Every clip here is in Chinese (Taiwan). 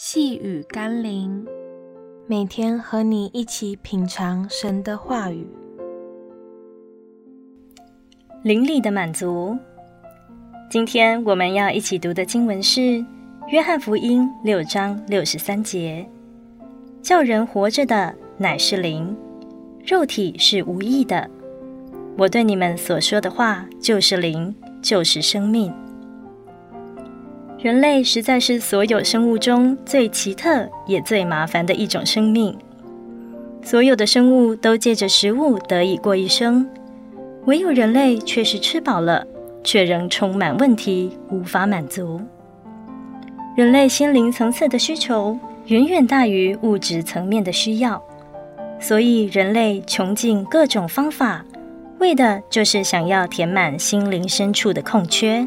細語甘霖，每天和你一起品嚐神的話語，靈裡的滿足。今天我們要一起讀的經文是《約翰福音》六章六十三節：“叫人活着的乃是靈，肉體是無益的。我對你們所說的話就是靈，就是生命。”人類實在是所有生物中，最奇特也最麻煩的一種生命。所有的生物都借着食物得以過一生，唯有人類卻是吃飽了，卻仍充滿問題，無法滿足。人類心靈層次的需求遠遠大於物質層面的需要，所以人類窮盡各種方法，為的就是想要填滿心靈深處的空缺。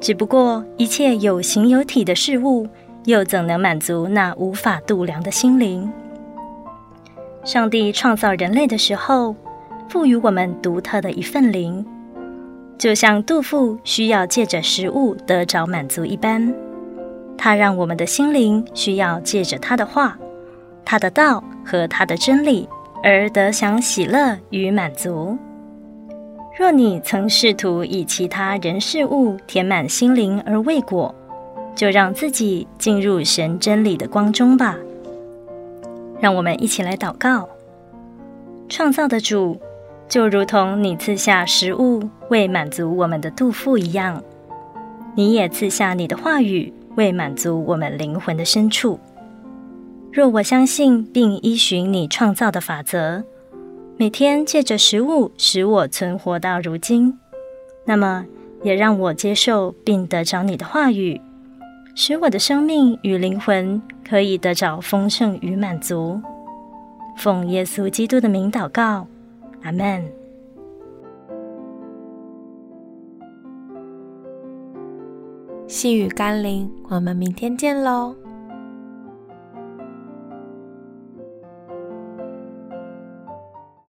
只不過，一切有形有體的事物，又怎能滿足那無法度量的心靈？上帝創造人類的時候，賦予我們獨特的一份靈，就像肚腹需要借着食物得着滿足一般，他讓我們的心靈需要借着他的話、他的道和他的真理，而得享喜樂與滿足。若你曾試圖以其他人事物填滿心靈而未果，就讓自己進入神真理的光中吧！讓我們一起來禱告：創造的主，就如同你賜下食物為滿足我們的肚腹一樣，你也賜下你的話語為滿足我們靈魂的深處。若我相信並依循你創造的法則，每天借着食物使我存活到如今，那麼也讓我接受並得着你的話語，使我的生命與靈魂可以得着豐盛與滿足。奉耶穌基督的名禱告，阿們。細語甘霖，我們明天見嘍。